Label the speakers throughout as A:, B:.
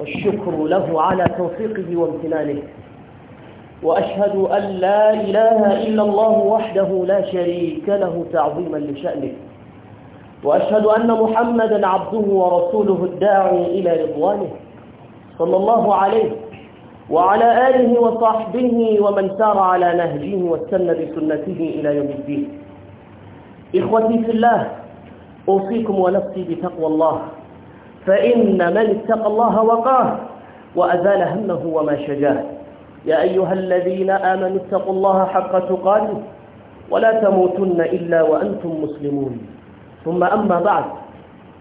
A: والشكر له على توفيقه وامتنانه وأشهد أن لا إله إلا الله وحده لا شريك له تعظيما لشأنه وأشهد أن محمدا عبده ورسوله الداعي إلى رضوانه صلى الله عليه وعلى آله وصحبه ومن سار على نهجه واستنى بسنته إلى يوم الدين إخوتي في الله أوصيكم ونفسي بتقوى الله فإن من اتقى الله وقاه وأزال همه وما شجاه يا أيها الذين آمنوا اتقوا الله حق تقاته ولا تموتن إلا وأنتم مسلمون ثم أما بعد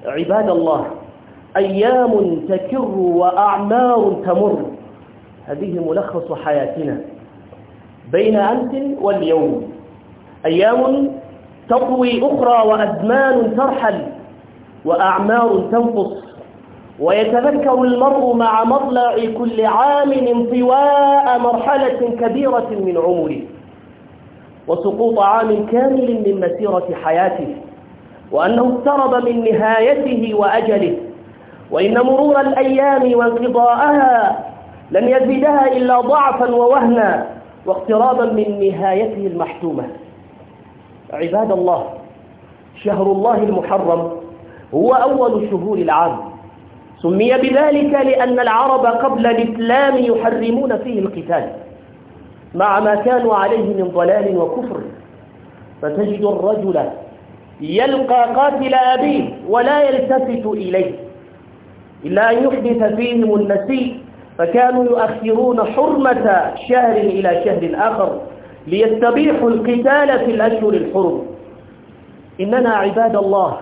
A: عباد الله أيام تكر وأعمار تمر هذه ملخص حياتنا بين أمس واليوم أيام تطوي أخرى وأزمان ترحل وأعمار تنقص ويتذكر المرء مع مطلع كل عام انطواء مرحلة كبيرة من عمره وسقوط عام كامل من مسيرة حياته وأنه اقترب من نهايته وأجله وإن مرور الأيام وانقضاءها لن يزيدها إلا ضعفا ووهنا واقترابا من نهايته المحتومة عباد الله شهر الله المحرم هو أول شهور العام سمي بذلك لأن العرب قبل الإسلام يحرمون فيه القتال مع ما كانوا عليه من ضلال وكفر فتجد الرجل يلقى قاتل أبيه ولا يلتفت إليه إلا أن يحدث فيهم النسيء فكانوا يؤخرون حرمة شهر إلى شهر آخر ليستبيحوا القتال في الأشهر الحرم إننا عباد الله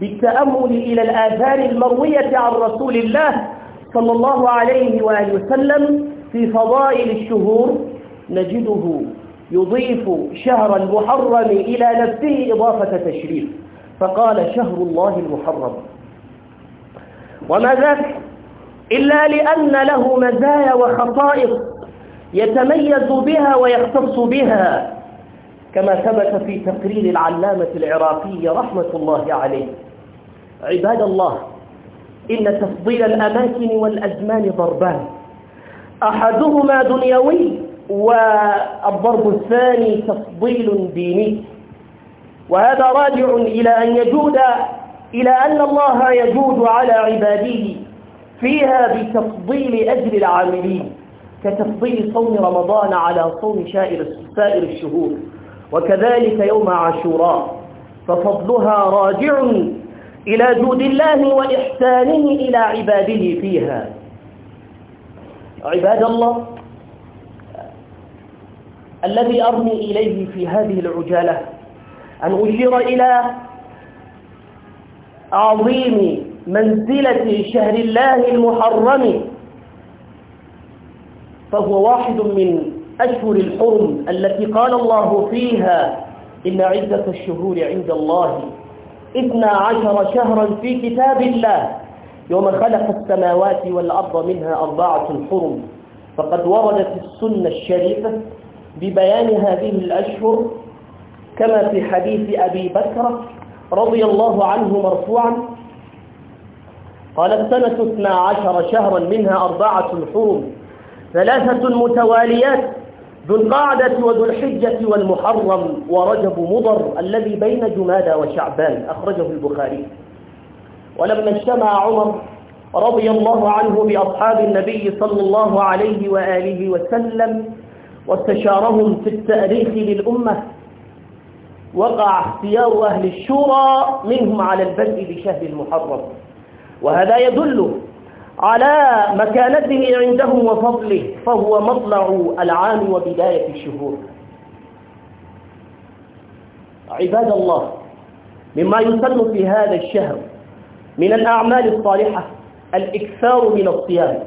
A: بالتأمل إلى الآثار المروية عن رسول الله صلى الله عليه وآله وسلم في فضائل الشهور نجده يضيف شهر المحرم إلى نفسه إضافة تشريف فقال شهر الله المحرم وما ذاك إلا لأن له مزايا وخصائص يتميز بها ويختص بها كما ثبت في تقرير العلامة العراقي رحمة الله عليه عباد الله إن تفضيل الأماكن والأزمان ضربان أحدهما دنيوي والضرب الثاني تفضيل ديني وهذا راجع إلى أن يجود إلى أن الله يجود على عباده فيها بتفضيل أجل العاملين كتفضيل صوم رمضان على صوم سائر الشهور وكذلك يوم عاشوراء ففضلها راجع إلى جود الله وإحسانه إلى عباده فيها عباد الله الذي أرمي إليه في هذه العجالة أن أشير إلى عظيم منزلة شهر الله المحرم فهو واحد من أشهر الحرم التي قال الله فيها إن عدة الشهور عند الله اثنا عشر شهرا في كتاب الله يوم خلق السماوات والأرض منها أربعة حرم فقد وردت السنة الشريفة ببيان هذه الأشهر كما في حديث أبي بكر رضي الله عنه مرفوعا قال السنة اثنا عشر شهرا منها أربعة حرم ثلاثة متواليات ذو القعدة وذو الحجة والمحرم ورجب مضر الذي بين جمادى وشعبان أخرجه البخاري ولما اجتمع عمر رضي الله عنه بأصحاب النبي صلى الله عليه وآله وسلم واستشارهم في التأريخ للأمة وقع اختيار أهل الشورى منهم على البدء بشهر المحرم وهذا يدل على مكانته عندهم وفضله فهو مطلع العام وبداية الشهور عباد الله مما يسن في هذا الشهر من الأعمال الصالحة الإكثار من الصيام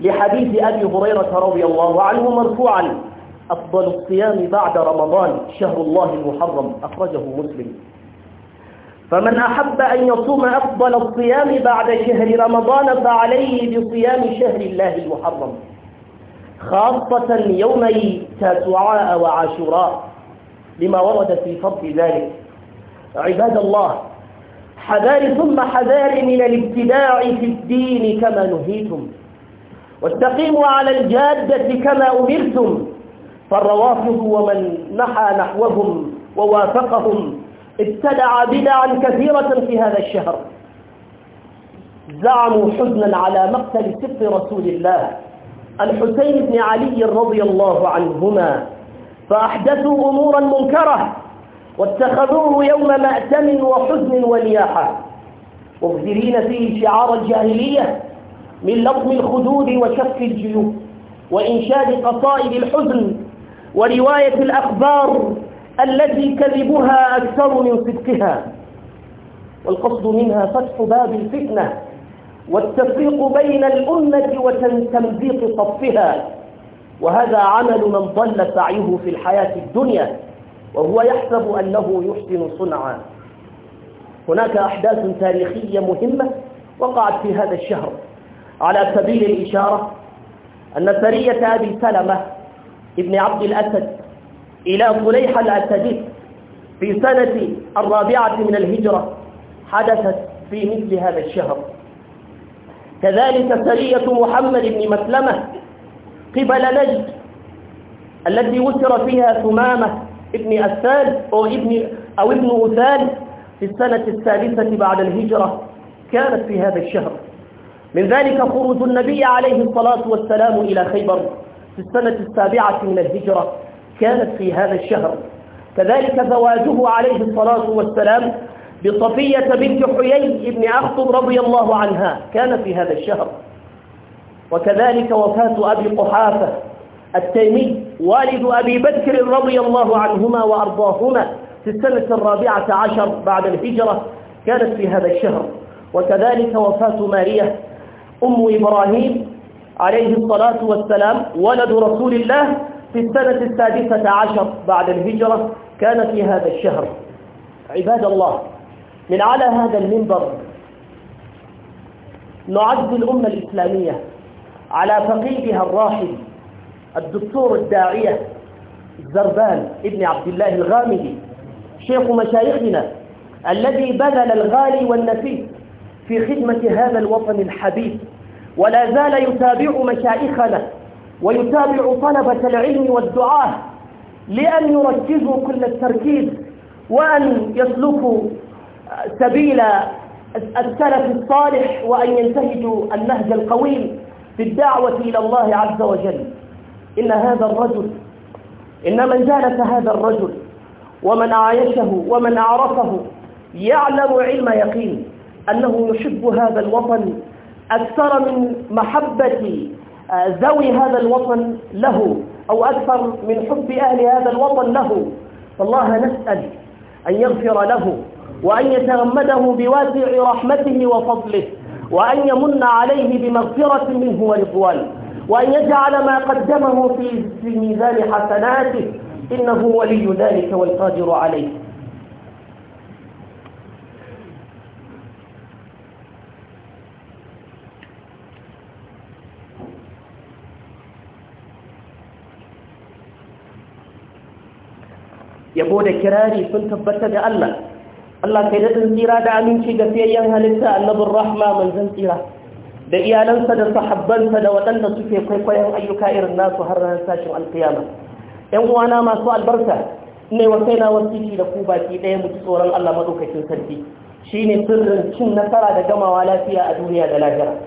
A: لحديث أبي هريرة رضي الله عنه مرفوعا أفضل الصيام بعد رمضان شهر الله المحرم أخرجه مسلم فمن أحب أن يصوم أفضل الصيام بعد شهر رمضان فعليه بصيام شهر الله المحرم خاصة يومي تاسعاء وعاشوراء لما ورد في فضل ذلك عباد الله حذار ثم حذار من الابتداع في الدين كما نهيتم واستقيموا على الجادة كما أمرتم فالروافض ومن نحى نحوهم ووافقهم ابتدع بدعا كثيرة في هذا الشهر زعموا حزنا على مقتل سفر رسول الله الحسين بن علي رضي الله عنهما فأحدثوا أمورا منكرة واتخذوه يوم مأتم وحزن ولياحة مبذرين فيه شعار الجاهلية من لطم الخدود وشف الجيوب وإنشاد قصائد الحزن ورواية الأخبار التي كذبها أكثر من صدقها والقصد منها فتح باب الفتنة والتفريق بين الأمة وتمزيق صفها وهذا عمل من ضل سعيه في الحياة الدنيا وهو يحسب أنه يحسن صنعا هناك أحداث تاريخية مهمة وقعت في هذا الشهر على سبيل الإشارة أن سرية أبي سلمة ابن عبد الأسد إلى صليح الأسدي في سنة الرابعة من الهجرة حدثت في مثل هذا الشهر كذلك سرية محمد بن مسلمة قبل نجد التي وسر فيها ثمامة ابن أسال أو ابن, أو ابن أثال في السنة الثالثة بعد الهجرة كانت في هذا الشهر من ذلك خروج النبي عليه الصلاة والسلام إلى خيبر في السنة السابعة من الهجرة كانت في هذا الشهر كذلك زواجه عليه الصلاة والسلام بصفية بنت حيي بن أخطب رضي الله عنها كان في هذا الشهر وكذلك وفاة أبي قحافة التيمي والد أبي بكر رضي الله عنهما وأرضاهما في السنة الرابعة عشر بعد الهجرة كانت في هذا الشهر وكذلك وفاة ماريا أم إبراهيم عليه الصلاة والسلام ولد رسول الله في السنة السادسة عشر بعد الهجرة كان في هذا الشهر عباد الله من على هذا المنبر نعد الأمة الإسلامية على فقيدها الراحل الدكتور الداعية الزربان ابن عبد الله الغامدي شيخ مشايخنا الذي بذل الغالي والنفيس في خدمة هذا الوطن الحبيب ولا زال يتابع مشايخنا ويتابع طلبة العلم والدعاة لأن يركزوا كل التركيز وأن يسلكوا سبيل السلف الصالح وأن ينتهجوا النهج القويم في الدعوة إلى الله عز وجل إن هذا الرجل إن من جالس هذا الرجل ومن عايشه ومن عرفه يعلم علم يقين أنه يحب هذا الوطن أكثر من محبة آه، ذوي هذا الوطن له أو أكثر من حب أهل هذا الوطن له فالله نسأل أن يغفر له وأن يتغمده بواسع رحمته وفضله وأن يمن عليه بمغفرة منه ورضوان وأن يجعل ما قدمه في ميزان حسناته إنه ولي ذلك والقادر عليه yabo da kirari sun tabbata ga Allah Allah kai da tsira da aminci ga fiyayyen halitta annabin rahma manzan tsira da iyalansa da sahabbansa da waɗanda suke kwaikwayon ayyuka irin nasu har ranar sashin alkiyama ƴan uwana masu albarka ne wa kaina wasiki da ku baki ɗaya mu ci tsoron Allah madaukakin sarki shine sirrin cin nasara da gamawa lafiya a duniya da lahira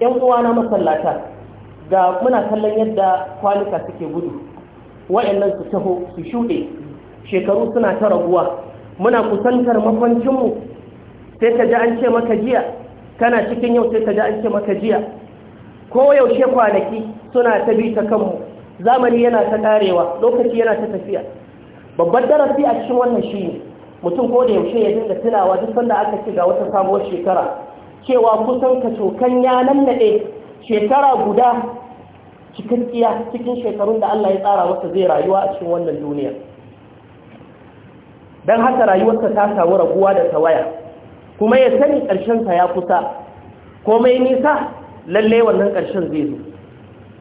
A: ƴan uwana masallata ga muna kallon yadda kwanuka suke gudu wa'annan su taho su shuɗe shekaru suna ta raguwa muna kusantar makwancinmu sai ka ji an ce maka jiya kana cikin yau sai ka ji an ce maka jiya ko yaushe kwanaki suna ta bi ta kanmu zamani yana ta karewa lokaci yana ta tafiya babban darasi a cikin wannan shi ne mutum ko da yaushe ya dinga tunawa duk sanda aka ce ga wata sabuwar shekara cewa kusan ka cokan ya nannaɗe shekara guda cikakkiya cikin shekarun da Allah ya tsara masa zai rayuwa a cikin wannan duniya don haka rayuwarsa ta samu raguwa da tawaya kuma ya sani ƙarshensa ya kusa komai nisa lalle wannan ƙarshen zai zo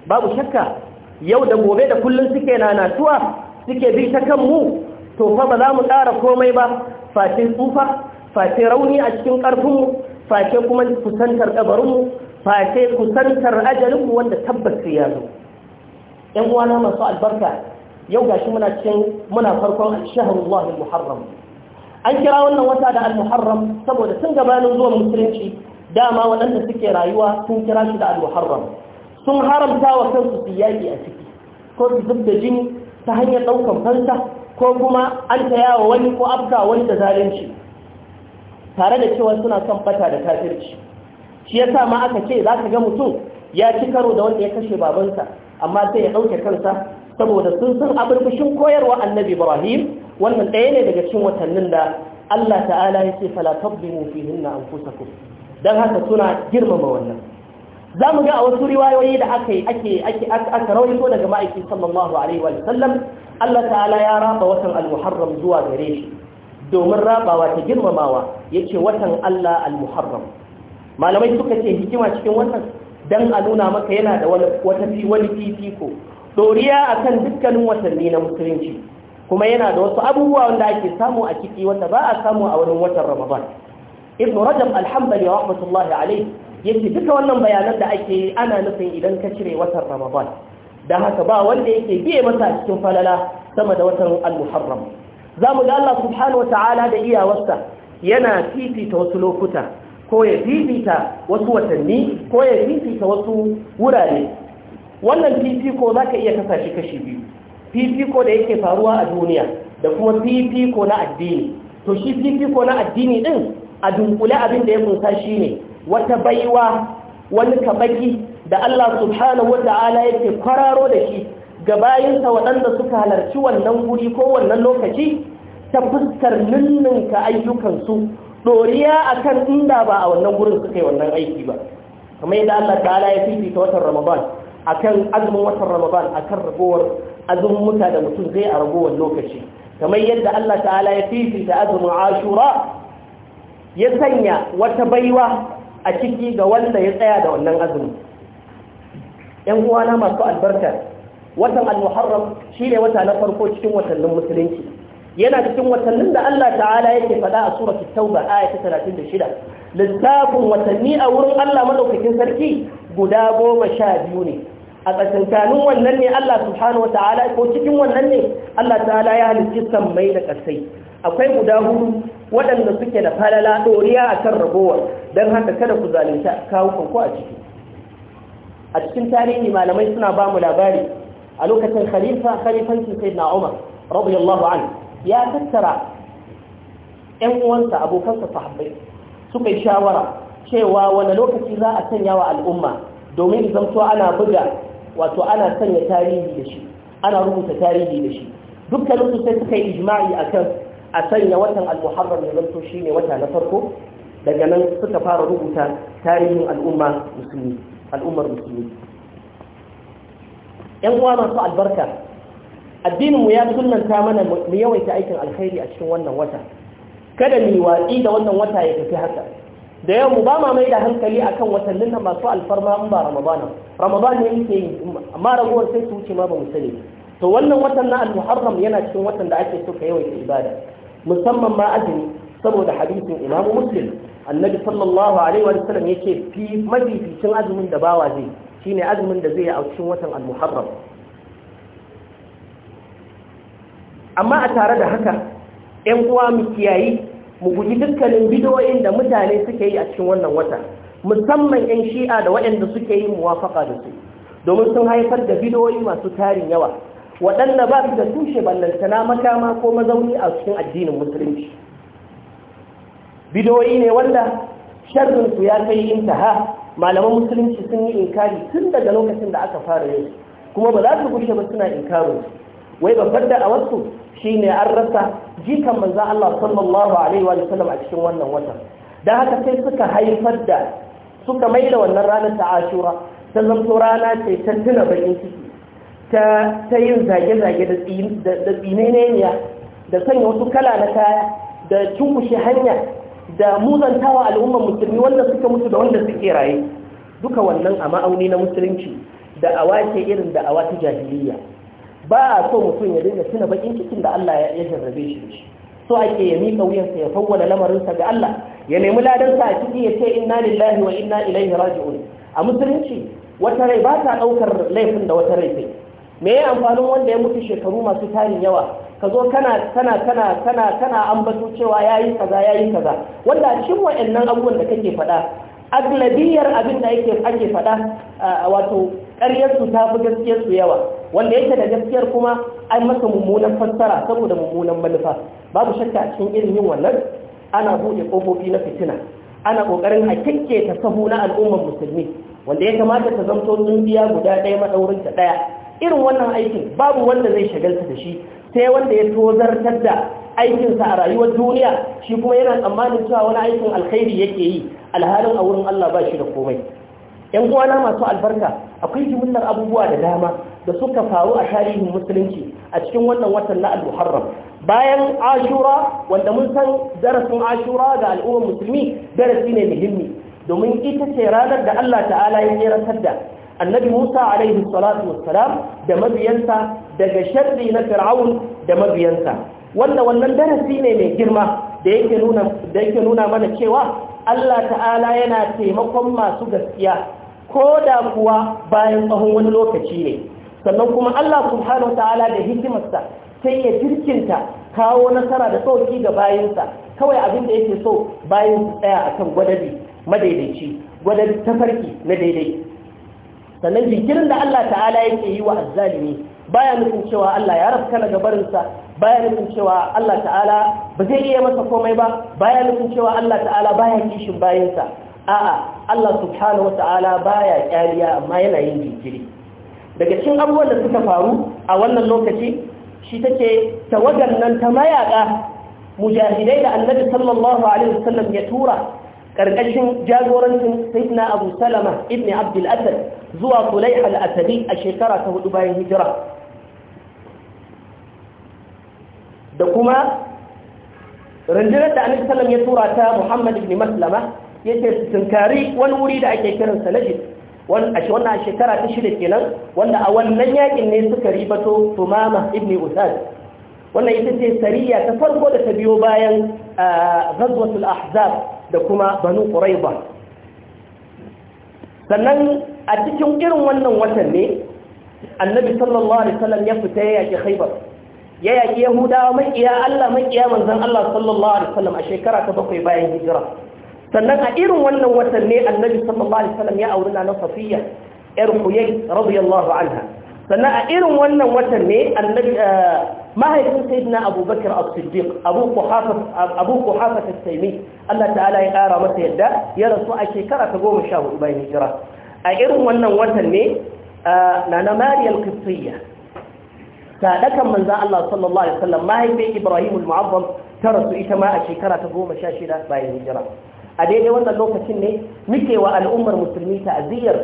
A: babu shakka yau da gobe da kullum suke nanatuwa suke bi ta kan mu to fa ba za mu ƙara komai ba face tsufa face rauni a cikin ƙarfinmu face kuma kusantar ƙabarinmu face kusantar ajalinmu wanda tabbas ya zo ‘yan uwana masu albarka yau gashi muna cikin muna farkon shahrullah al-muharram an kira wannan wata da al-muharram saboda tun gabanin zuwan musulunci dama waɗanda suke rayuwa sun kira shi da al-muharram sun haramta wa kansu su yaƙi a ciki ko su zub da jini ta hanyar ɗaukan fansa ko kuma an taya wa wani ko afka wani da zalunci tare da cewa suna son bata da kafirci shi yasa ma aka ce za ka ga mutum ya ci karo da wanda ya kashe babansa amma sai ya ɗauke kansa saboda sun san aburbushin koyarwa annabi ibrahim wannan ɗaya ne daga cikin watannin da allah ta'ala ya ce fala tablimu fihinna anfusakum don haka suna girmama wannan za mu ga a wasu riwayoyi da aka yi ake aka rawaito daga ma'aiki sallallahu alaihi wa sallam Allah ta'ala ya raba watan al-muharram zuwa gare shi domin rabawa ta girmamawa yace watan Allah al-muharram malamai suka ce hikima cikin wannan don a nuna maka yana da wani wani fifiko doriya akan dukkanin watanni na musulunci kuma yana da wasu abubuwa wanda ake samu a ciki wanda ba a samu a wurin watan ramadan ibn rajab alhambali rahmatullahi alayhi yake duka wannan bayanan da ake ana nufin idan ka cire watan ramadan da haka ba wanda yake biye masa cikin falala sama da watan al-muharram zamu ga Allah subhanahu ta'ala da iyawarsa yana fifita wasu lokuta ko ya fifita wasu watanni ko ya fifita wasu wurare wannan fifiko za ka iya kasa shi kashi biyu fifiko da yake faruwa a duniya da kuma fifiko na addini to shi fifiko na addini din a dunkule abin da ya kunsa shi ne wata baiwa wani kabaki da Allah subhanahu wa ta'ala yake kwararo da shi ga bayinsa waɗanda suka halarci wannan guri ko wannan lokaci ta fuskar ninninka ayyukansu ɗoriya a kan inda ba a wannan gurin suka yi wannan aiki ba kamar yadda Allah ta'ala ya fifita watan Ramadan akan azumin watan ramadan akan ragowar azumin muta da mutum zai a ragowar lokaci kamar yadda Allah ta'ala ya fifita azumin ashura ya sanya wata baiwa a ciki ga wanda ya tsaya da wannan azumin. yan uwana masu albarka watan al-muharram shine wata na farko cikin watannin musulunci yana cikin watannin da Allah ta'ala yake faɗa a suratul tauba aya ta 36 littafin watanni a wurin Allah madaukakin sarki guda goma sha biyu ne a tsakankanin wannan ne Allah subhanahu ta'ala ko cikin wannan ne Allah ta'ala ya halitta sammai da ƙasai. akwai guda hudu waɗanda suke da falala ɗoriya a kan ragowar don haka kada ku zalunta kawo kanku a ciki a cikin tarihi malamai suna ba mu labari a lokacin khalifa khalifancin sai na umar radiyallahu an ya tattara ‘yan uwansa abokansa sahabbai suka yi shawara cewa wani lokaci za a sanya wa al'umma domin zamto ana buga wato ana sanya tarihi da shi ana rubuta tarihi da shi dukkanin su sai suka yi ijma'i akan a sanya watan al-muharram ya zanto shine wata na farko daga nan suka fara rubuta tarihin al'umma musulmi al'ummar musulmi yan uwa masu albarka addininmu ya sunanta mana mu yawaita aikin alkhairi a cikin wannan wata kada mu watsi da wannan wata ya tafi haka da yawa mu ba ma mai da hankali akan watannin nan masu alfarma in ba ramadana ramadan ne yake yi amma ragowar sai su wuce ma ba mu to wannan watan na al-muharram yana cikin watan da ake so ka yawaita ibada musamman ma azumi saboda hadisin imamu muslim annabi sallallahu alaihi wa sallam yake fi mafificin azumin da bawa zai shine azumin da zai yi a cikin watan al-muharram
B: amma a tare da haka
A: 'yan uwa mu kiyayi mu guji dukkanin bidoyin da mutane suke yi a cikin wannan wata musamman 'yan shi'a da waɗanda suke yi muwafaka da su domin sun haifar da bidoyi masu tarin yawa waɗanda ba su da tushe ballantana makama ko mazauni a cikin addinin musulunci bidoyi ne wanda sharrin su ya kai intaha malaman musulunci sun yi inkari tun daga lokacin da aka fara yin kuma ba za su gushe ba suna inkarin wai babbar da a wasu shine an rasa jikan manzon Allah sallallahu alaihi wa sallam a cikin wannan watan Da haka sai suka haifar da suka maida wannan ranar ta Ashura ta zanto rana ce ta tuna bakin ciki ta yin zage-zage da tsineniya da sanya wasu kala na kaya da cunkushe hanya da muzantawa al'ummar musulmi wanda suka mutu da wanda suke raye duka wannan a ma'auni na musulunci da awa irin da awa ta jahiliya ba a so mutum ya dinga tuna bakin cikin da Allah ya jarrabe shi shi so ake ya miƙa wuyansa ya fawwala lamarinsa ga Allah ya nemi ladarsa a ciki ya ce inna lillahi wa inna ilaihi raji'un a musulunci wata rai ba ta ɗaukar laifin da wata rai sai me ya amfanin wanda ya mutu shekaru masu tarin yawa ka zo kana kana kana kana kana ambato cewa yayi kaza yayi kaza wanda cin wa'annan abubuwan da kake faɗa aglabiyar abin da ake faɗa wato ƙaryar su ta fi gaskiyar su yawa wanda yake da gaskiyar kuma an masa mummunan fassara saboda mummunan manufa babu shakka a cikin irin yin wannan ana buɗe ƙofofi na fitina ana ƙoƙarin a kyanke ta sahu na al'ummar musulmi wanda ya kamata ta zamto tsindiya guda ɗaya ta ɗaya irin wannan aikin babu wanda zai shagalta da shi sai wanda ya tozartar da aikinsa a rayuwar duniya shi kuma yana tsammanin cewa wani aikin alkhairi yake yi alhalin a wurin Allah ba shi da komai yan uwana masu albarka akwai jimillar abubuwa da dama da suka faru a tarihin musulunci a cikin wannan watan na al-muharram bayan ashura wanda mun san darasin ashura ga al'ummar musulmi darasi ne muhimmi domin ita ce ranar da Allah ta'ala ya tseratar da annabi Musa alaihi salatu wassalam da mabiyansa daga sharri na fir'aun da mabiyansa wanda wannan darasi ne mai girma da yake nuna da yake nuna mana cewa Allah ta'ala yana taimakon masu gaskiya ko da kuwa bayan tsawon wani lokaci ne sannan kuma Allah subhanahu ta'ala da hikimarsa ta ya jirkinta kawo nasara da sauki ga bayansa kawai abin da yake so bayan su tsaya akan gwadabi madaidaici gwadabi farki na daidai sannan jinkirin da Allah ta'ala yake yi wa azzalimi baya nufin cewa Allah ya rafka daga barinsa baya nufin cewa Allah ta'ala ba zai iya masa komai ba baya nufin cewa Allah ta'ala baya kishin bayansa a'a Allah subhanahu wata'ala baya kyariya amma yana yin jinkiri daga cikin abubuwan da suka faru a wannan lokaci shi take tawagan nan ta mayaka mujahidai da annabi sallallahu alaihi wasallam ya tura karkashin jagorancin sayyidina Abu Salama ibn Abdul Asad zuwa Sulayh al-Asadi a shekara ta hudu bayan hijira da kuma rundunar da annabi sallallahu alaihi wasallam ya tura ta Muhammad ibn Maslama yake su tunkari wani wuri da ake kiran salajin wannan shekara ta shida kenan wanda a wannan yakin ne suka ribato tumama ibn usad wannan ita ce sariya ta farko da ta biyo bayan ghazwatul ahzab da kuma banu quraiba sannan a cikin irin wannan watan ne annabi sallallahu alaihi wasallam ya fita ya yaki khaybar ya yaki yahudawa makiya Allah makiya manzon Allah sallallahu alaihi wasallam a shekara ta bakwai bayan hijira sannan a irin wannan watan ne annabi sallallahu alaihi wasallam ya auri na safiya yar huyai radiyallahu anha sannan a irin wannan watan ne annabi eh, mahaifin sayyidina abubakar as-siddiq abu quhafa abu quhafa as-saymi Allah ta'ala ya kara masa yadda ya rasu a shekara ta 14 bayan hijira a irin wannan watan ne eh, nana mariya al-qibtiyya sadakan manzon Allah sallallahu alaihi wasallam mahaifin ibrahim al-mu'azzam ta rasu ita ma a shekara ta 16 bayan hijira a daidai wannan lokacin ne muke wa al'ummar musulmi ta'aziyyar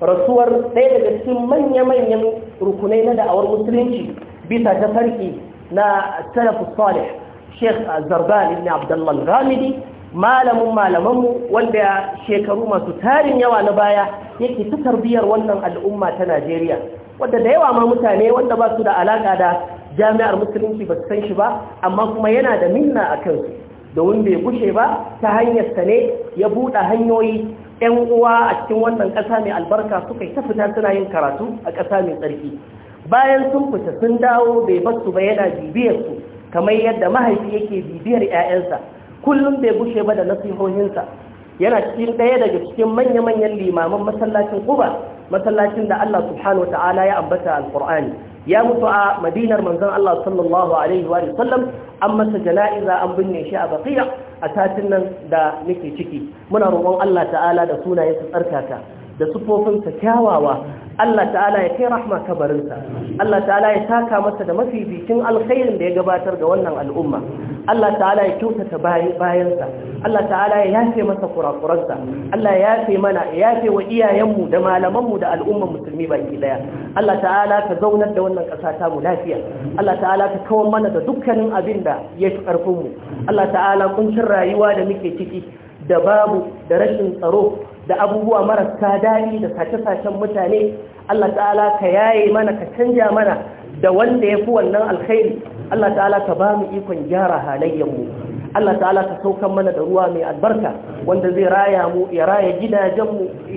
A: rasuwar ɗaya daga cikin manya-manyan rukunai na da'awar musulunci bisa ta farki na salafus salih sheikh zarban ibn abdullah ramidi malamin malamanmu wanda shekaru masu tarin yawa na baya yake ta tarbiyyar wannan al'umma ta najeriya wadda da yawa ma mutane wanda ba su da alaƙa da jami'ar musulunci ba su san shi ba amma kuma yana da minna a kansu Da domin bai bushe ba ta hanyar ne ya buɗa hanyoyi ‘yan uwa a cikin wannan ƙasa mai albarka suka yi ta fita suna yin karatu a ƙasa mai tsarki bayan sun fita sun dawo bai basu ba yana bibiyar su kamar yadda mahaifi yake bibiyar ‘ya'yansa kullum bai bushe ba da nasihohinsa yana cikin ɗaya daga cikin manya-manyan limaman masallacin kuba masallacin da Allah subhanahu wa ta'ala ya ambata alƙur'ani ya mutu a madinar manzon Allah sallallahu alaihi wa sallam an masa jana'iza an binne shi a bakiya a satin nan da nake ciki muna roƙon Allah ta'ala da sunayen su tsarkaka da sufofin sa kyawawa Allah ta'ala ya kai rahma kabarinsa Allah ta'ala ya taka masa da mafi bikin alkhairin da ya gabatar ga wannan al'umma Allah ta'ala ya kyautata bayansa Allah ta'ala ya yafe masa kurakuransa Allah ya yafe mana ya yafe wa iyayenmu da malamanmu da al'umman musulmi baki daya Allah ta'ala ka zaunar da wannan ƙasa ta mu lafiya Allah ta'ala ka kawar mana da dukkanin abin da ya fi ƙarfinmu Allah ta'ala kuncin rayuwa da muke ciki da babu da rashin tsaro da abubuwa marasa daɗi da sace-sacen mutane Allah ta'ala ka yaye mana ka canja mana da wanda ya fi wannan alkhairi Allah ta'ala ka ba mu ikon gyara halayyarmu Allah ta'ala ka saukan mana da ruwa mai albarka wanda zai raya mu ya raya gidajenmu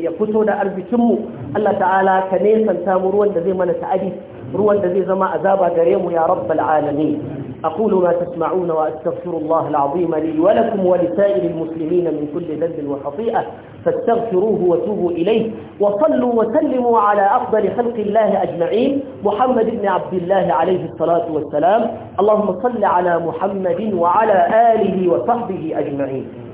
A: ya fito da arzikinmu Allah ta'ala ka nesanta mu ruwan da zai mana ta'adi ruwan da zai zama azaba gare mu ya rabbal alamin أقول ما تسمعون وأستغفر الله العظيم لي ولكم ولسائر المسلمين من كل ذنب وخطيئة فاستغفروه وتوبوا إليه وصلوا وسلموا على أفضل خلق الله أجمعين محمد بن عبد الله عليه الصلاة والسلام اللهم صل على محمد وعلى آله وصحبه أجمعين